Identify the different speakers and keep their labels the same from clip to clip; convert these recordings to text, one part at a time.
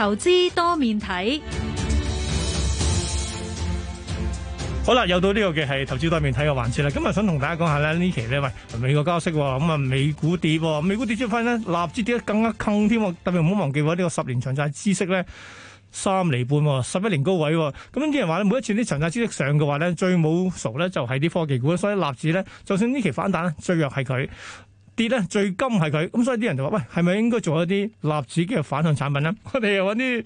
Speaker 1: 投
Speaker 2: 資多面睇，好啦，又到呢個嘅係投資多面睇嘅環節啦。今日想同大家講下咧呢期呢，喂，美國加息喎，咁啊，美股跌，哦，美股跌出翻呢，納指跌得更加坑添喎。特別唔好忘記喎，呢、呢個十年長債孳息咧三厘半，哦，十一年高位，哦。咁啲人話每一次啲長債孳息上嘅話呢，最冇熟呢就係啲科技股，所以納指呢，就算呢期反彈，最弱係佢。跌咧最金係佢，咁所以啲人就話：喂，係咪應該做一啲納指嘅反向產品咧？ 我哋又揾啲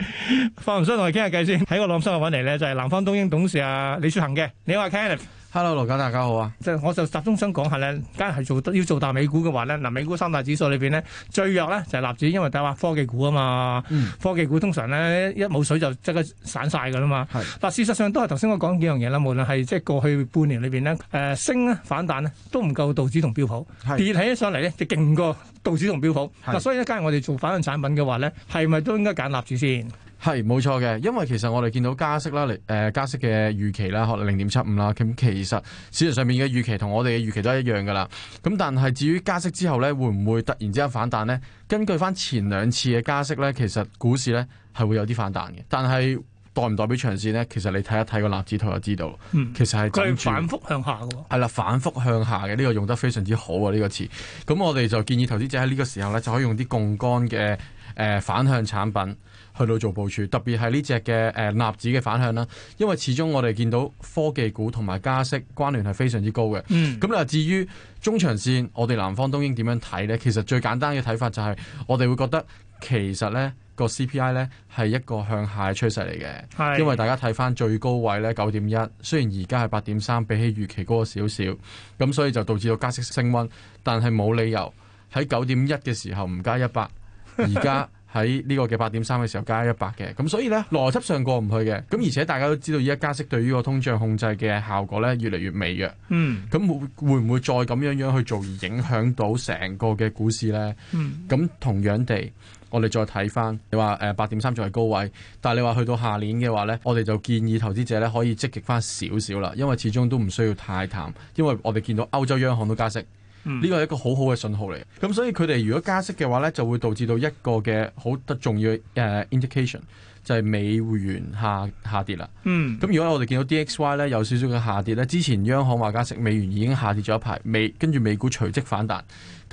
Speaker 2: 發行商同我傾下偈先。喺我朗新聞揾嚟咧，就係南方東英董事阿、啊、李雪恒嘅。你好，Kenneth。Ken hello，羅家，大家好啊！即係我就集中想講下咧，梗係做要做大美股嘅話咧，嗱，美股三大指數裏邊咧最弱咧就納指，因為大家話科技股啊嘛，嗯、科技股通常咧一冇水就即刻散晒噶啦嘛。是但事實上都係頭先我講幾樣嘢啦，無論係即係過去半年裏邊咧，誒、呃、升咧反彈咧都唔夠道指同標普跌是起上嚟咧就勁過道指同標普。嗱是，所以一家我哋做反向產品嘅話咧，係咪都應該揀納指先？係冇錯嘅，因為其實我哋見到加息啦，嚟、呃、誒加息嘅
Speaker 1: 預期啦，可能零點七五啦，咁其實市場上面嘅預期同我哋嘅預期都係一樣噶啦。咁但係至於加息之後呢，會唔會突然之間反彈呢？根據翻前兩次嘅加息呢，其實股市呢係會有啲反彈嘅，但係。代唔代表長線呢？其實你睇一睇個納指圖就知道，嗯、其實係再反覆向下嘅。係啦，反覆向下嘅呢、呢個用得非常之好喎、啊，呢、呢個詞。咁我哋就建議投資者喺呢個時候呢，就可以用啲槓桿嘅誒反向產品去到做部署。特別係呢隻嘅誒納指嘅反向啦、啊。因為始終我哋見到科技股同埋加息關聯係非常之高嘅。嗯。咁嗱，至於中長線，我哋南方東英點樣睇呢？其實最簡單嘅睇法就係我哋會覺得。其實咧個 CPI 咧係一個向下嘅趨勢嚟嘅，是因為大家睇翻最高位咧九點一，1, 雖然而家係八點三，比起預期高咗少少，咁所以就導致到加息升温，但係冇理由喺九點一嘅時候唔加一百，
Speaker 2: 而家。
Speaker 1: 喺呢個嘅八點三嘅時候加一百嘅，咁所以呢，邏輯上過唔去嘅，咁而且大家都知道依家加息對於個通脹控制嘅效果呢，越嚟越微弱，咁、嗯、會唔會再咁樣樣去做而影響到成個嘅股市呢？咁、嗯、同樣地，我哋再睇翻你話誒八點三仲係高位，但係你話去到下年嘅話呢，我哋就建議投資者呢，可以積極翻少少啦，因為始終都唔需要太淡，因為我哋見到歐洲央行都加息。呢個係一個好好嘅信號嚟，咁所以佢哋如果加息嘅話呢，就會導致到一個嘅好得重要嘅 indication，就係美元下下跌啦。咁如果我哋見到 DXY 呢有少少嘅下跌呢，之前央行話加息，美元已經下跌咗一排，美跟住美股隨即反彈。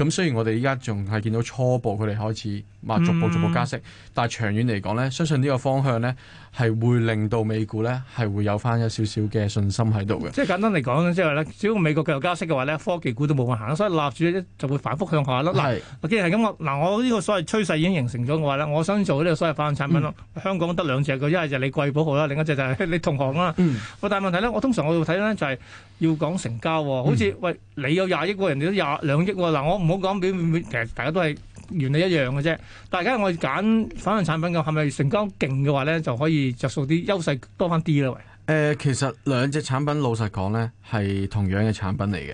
Speaker 1: 咁雖然我哋依家仲係見到初步佢哋開始，逐步逐步加息，嗯、但係長遠嚟講呢，相信呢個方向呢係會令到美股呢係會有返一少少嘅信心喺度
Speaker 2: 嘅。即係簡單嚟講即係話呢，只要美國繼續加息嘅話呢，科技股都冇法行，所以納指就會反覆向下咯。嗱是、啊，既然係咁，啊，我嗱我呢個所謂趨勢已經形成咗嘅話呢，我想做呢個所謂反向產品咯。嗯、香港得兩隻嘅，一係就你貴寶號啦，另一隻就係你同行啦。嗯、但係問題呢，我通常我睇呢，就係、是、要講成交喎，好似喂，你有廿億喎，人哋都廿兩億喎，嗱我我講俾其實大家都係原理一樣嘅啫，大家我揀反向產品嘅，係咪成交勁嘅話咧，就可以着數啲優勢多翻啲咯？誒、呃，其
Speaker 1: 實兩隻產品老實講咧，係同樣嘅產品嚟嘅。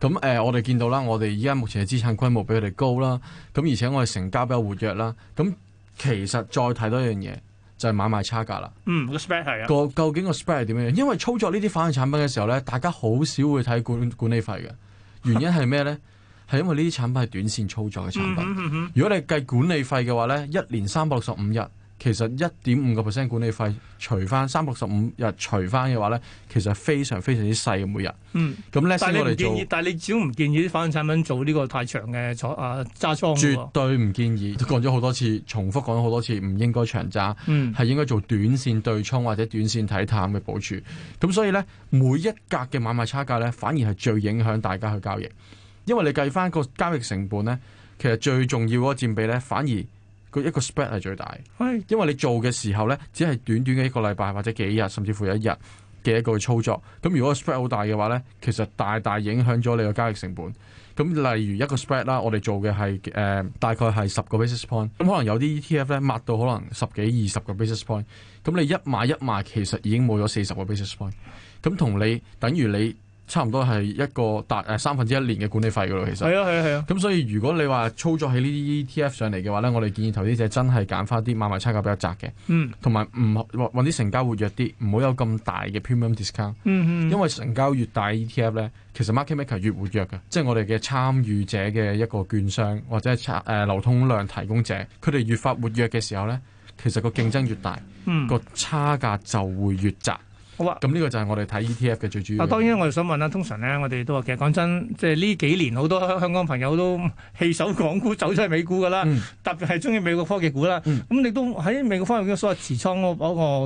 Speaker 1: 咁誒、呃，我哋見到啦，我哋依家目前嘅資產規模比佢哋高啦，咁而且我哋成交比較活躍啦。咁其實再睇多一樣嘢，就係、是、買賣差價啦。嗯，
Speaker 2: 個 spread 係啊，
Speaker 1: 究竟個 spread 係點樣？因為操作呢啲反向產品嘅時候咧，大家好少會睇管管理費嘅，原因係咩咧？ 係因為呢啲產品係短線操作嘅產品。嗯嗯嗯、如果你計管理費嘅話咧，一年三百六十五日，其實一點五個 percent 管理費除翻三百六十五日除翻嘅話咧，其實非常非常之細，每日，
Speaker 2: 嗯。咁咧我哋建議，但係你只要唔建議啲反向產品做呢個太長嘅誒揸倉。絕
Speaker 1: 對唔建議，講咗好多次，重複講咗好多次，唔應該長揸，係、嗯、應該做短線對沖或者短線睇淡嘅部署。咁所以咧，每一格嘅買賣差價咧，反而係最影響大家去交易。因為你計翻個交易成本呢，其實最重要嗰個佔比呢，反而個一個 spread 係最大。 因為你做嘅時候呢，只係短短嘅一個禮拜或者幾日，甚至乎一日嘅一個操作。咁如果 spread 好大嘅話呢，其實大大影響咗你個交易成本。咁例如一個 spread 啦，我哋做嘅係誒大概係十個 basis point。咁可能有啲 ETF 呢，抹到可能十幾二十個 basis point。咁你一買一賣，其實已經冇咗四十個 basis point。咁同你等於你。差唔多係一個達誒三分之一年嘅管理費噶咯，其實係啊係啊係啊。咁、啊啊、所以如果你話操作喺呢啲 ETF 上嚟嘅話咧，我哋建議投資者真係揀翻啲買賣差價比較窄嘅，嗯，同埋唔揾啲成交活躍啲，唔好有咁大嘅 premium discount、嗯嗯、因為成交越大 ETF 咧，其實 market maker 越活躍嘅，即係我哋嘅參與者嘅一個券商或者係誒、呃、流通量提供者，佢哋越發活躍嘅時候咧，其實個競爭越大，嗯，個差價就會越窄。好啊！咁呢個就係我哋睇 ETF 嘅最主要。啊，
Speaker 2: 當然我哋想問啦，通常咧我哋都話，其實講真，即係呢幾年好多香港朋友都棄守港股，走出去美股噶啦，嗯、特別係中意美國科技股啦。咁、嗯、你都喺美國方面嘅所謂持倉嗰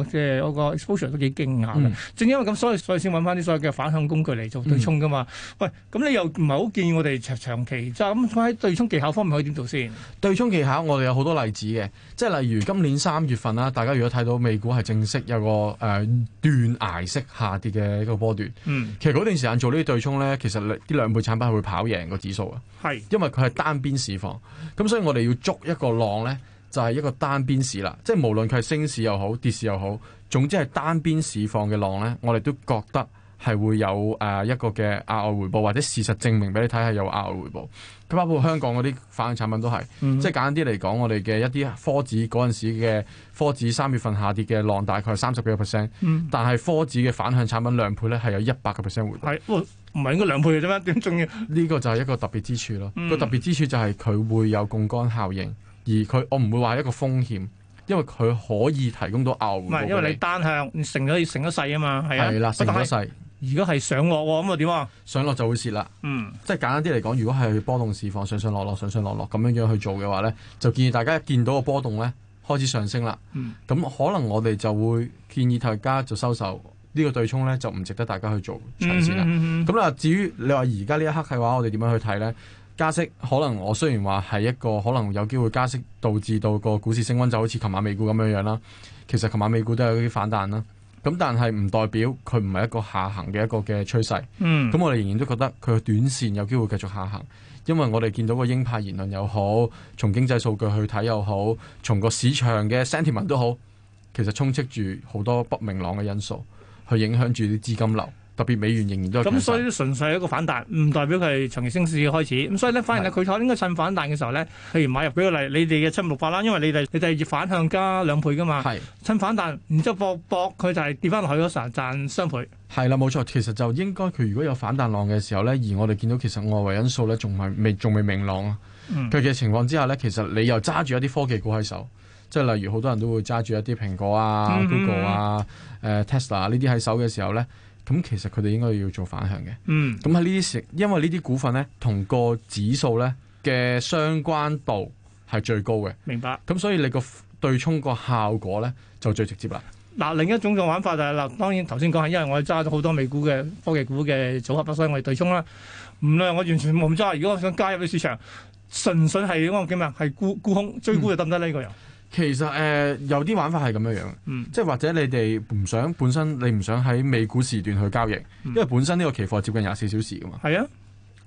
Speaker 2: 個即係嗰個 exposure 都幾驚嚇。正因為咁，所以所以先揾翻啲所謂嘅反向工具嚟做對沖噶嘛。嗯、喂，咁你又唔係好建議我哋長期就咁喺對沖技巧方面可以點做先？對沖技巧我哋有好多例子嘅，即係
Speaker 1: 例如今年三月份啦，大家如果睇到美股係正式有個誒斷。呃呃捱息下跌嘅一個波段，其實嗰段時間做呢啲對沖咧，其實啲兩倍產品係會跑贏個指數啊，係是，因為佢係單邊市況，咁所以我哋要捉一個浪咧，就係、是、一個單邊市啦，即係無論佢係升市又好，跌市又好，總之係單邊市況嘅浪咧，我哋都覺得。係會有誒一個嘅額外回報，或者事實證明俾你睇係有額外回報。佢包括香港嗰啲反向產品都係，嗯、即係簡單啲嚟講，我哋嘅一啲科指嗰陣時嘅科指三月份下跌嘅浪大概三十幾個 percent，但係科指嘅反向產品兩倍咧係有一百個 percent 回報。係，唔、哦、係應該兩倍嘅啫咩？點仲要？呢個就係一個特別之處咯。嗯、個特別之處就係佢會有槓桿效應，而佢我唔會話一個風險，因為佢可以提供到額外回報。因為你單向，成乘咗成咗細啊嘛，係啊。係啦，乘咗細。如果係上落咁啊，點啊？上落就會蝕啦。嗯，即係簡單啲嚟講，如果係波動市況上上落落上上落落咁樣樣去做嘅話咧，就建議大家一見到個波動咧開始上升啦。咁、嗯、可能我哋就會建議大家就收手，呢、呢個對沖咧就唔值得大家去做長線啦。咁啦，嗯哼嗯哼，至於你話而家呢一刻嘅話，我哋點樣去睇咧？加息可能我雖然話係一個可能有機會加息，導致到個股市升溫就好似琴晚美股咁樣樣啦。其實琴晚美股都有啲反彈啦。咁但係唔代表佢唔係一個下行嘅一個嘅趨勢，咁、嗯、我哋仍然都覺得佢嘅短線有機會繼續下行，因為我哋見到個鷹派言論又好，從經濟數據去睇又好，從個市場嘅 sentiment 都好，其實充斥住好多不明朗嘅因素，去影響住啲資金流。特別美元仍然都係
Speaker 2: 咁，所以都純粹係一個反彈，唔代表佢係長期升市開始。咁所以咧，反而咧佢應該趁反彈嘅時候咧，譬如買入幾個例，你哋嘅七五六八啦，因為你哋你哋係要反向加兩倍噶嘛，是趁反彈，然之後搏搏，佢就係跌翻落去嗰陣賺雙倍。
Speaker 1: 係啦，冇錯，其實就應該佢如果有反彈浪嘅時候咧，而我哋見到其實外圍因素咧，仲係未仲未明朗啊。佢嘅、嗯、情況之下咧，其實你又揸住一啲科技股喺手，即係例如好多人都會揸住一啲蘋果啊、Google 啊、誒、嗯嗯呃、Tesla 呢啲喺手嘅時候咧。咁其實佢哋應該要做反向嘅，咁喺呢啲時候，因為呢啲股份咧同個指數咧嘅相關度係最高嘅，明白。咁所以你個對沖個效果咧就最直接啦。
Speaker 2: 嗱、啊，另一種嘅玩法就係、是、嗱，當然頭先講係因為我哋揸咗好多美股嘅科技股嘅組合，所以我哋對沖啦。唔論我完全冇咁揸，如果我想加入啲市場，純粹係點講叫咩啊？係沽沽空追沽就得唔得呢個人？嗯其
Speaker 1: 實誒、呃、有啲玩法係咁樣樣，嗯、即係或者你哋唔想本身你唔想喺美股時段去交易，嗯、因為本身呢個期貨接近廿四小時㗎嘛。係啊，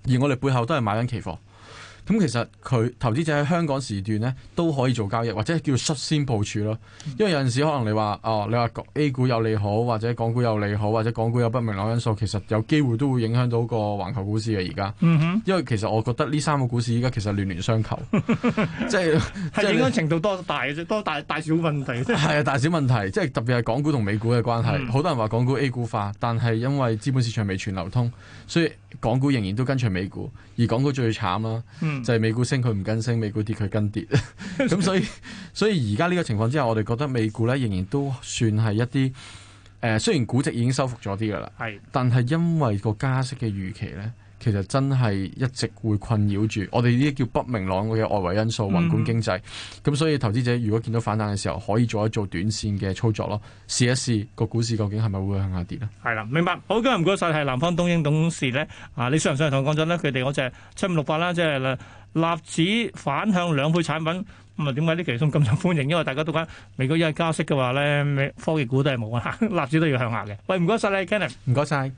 Speaker 1: 而我哋背後都係買緊期貨。咁其實佢投資者喺香港時段咧都可以做交易，或者叫率先部署咯。因為有陣時可能你話哦，你話 A 股有利好，或者港股有利好，或者港股有不明朗因素，其實有機會都會影響到個環球股市嘅而家。嗯、哼因為其實我覺得呢三個股市依家其實環環相扣， 即係係影響程度多大嘅多大大小問題。係 啊，大小問題，即係特別係港股同美股嘅關係。嗯、好多人話港股 A 股化，但係因為資本市場未全流通，所以港股仍然都跟隨美股，而港股最慘啦。嗯就係美股升佢唔跟升，美股跌佢跟跌，咁 所以所以而家呢個情況之下，我哋覺得美股咧仍然都算係一啲誒、呃，雖然估值已經收復咗啲噶啦，的但係因為個加息嘅預期咧。其實真係一直會困擾住我哋呢啲叫不明朗嘅外圍因素、宏觀經濟。咁、嗯、所以投資者如果見到反彈嘅時候，可以做一做短線嘅操作咯，試一試個股市究竟係咪會向下跌咧？
Speaker 2: 係啦，明白。好，今日唔該晒係南方東英董事咧。啊，你想唔想同我講真咧，佢哋嗰隻七五六八啦，即係啦，納指反向兩倍產品。咁啊，點解呢啲基金咁受歡迎？因為大家都講美國一係加息嘅話咧，美科技股都係冇啊，納指都要向下嘅。喂，唔該晒你 Kenneth 唔該晒。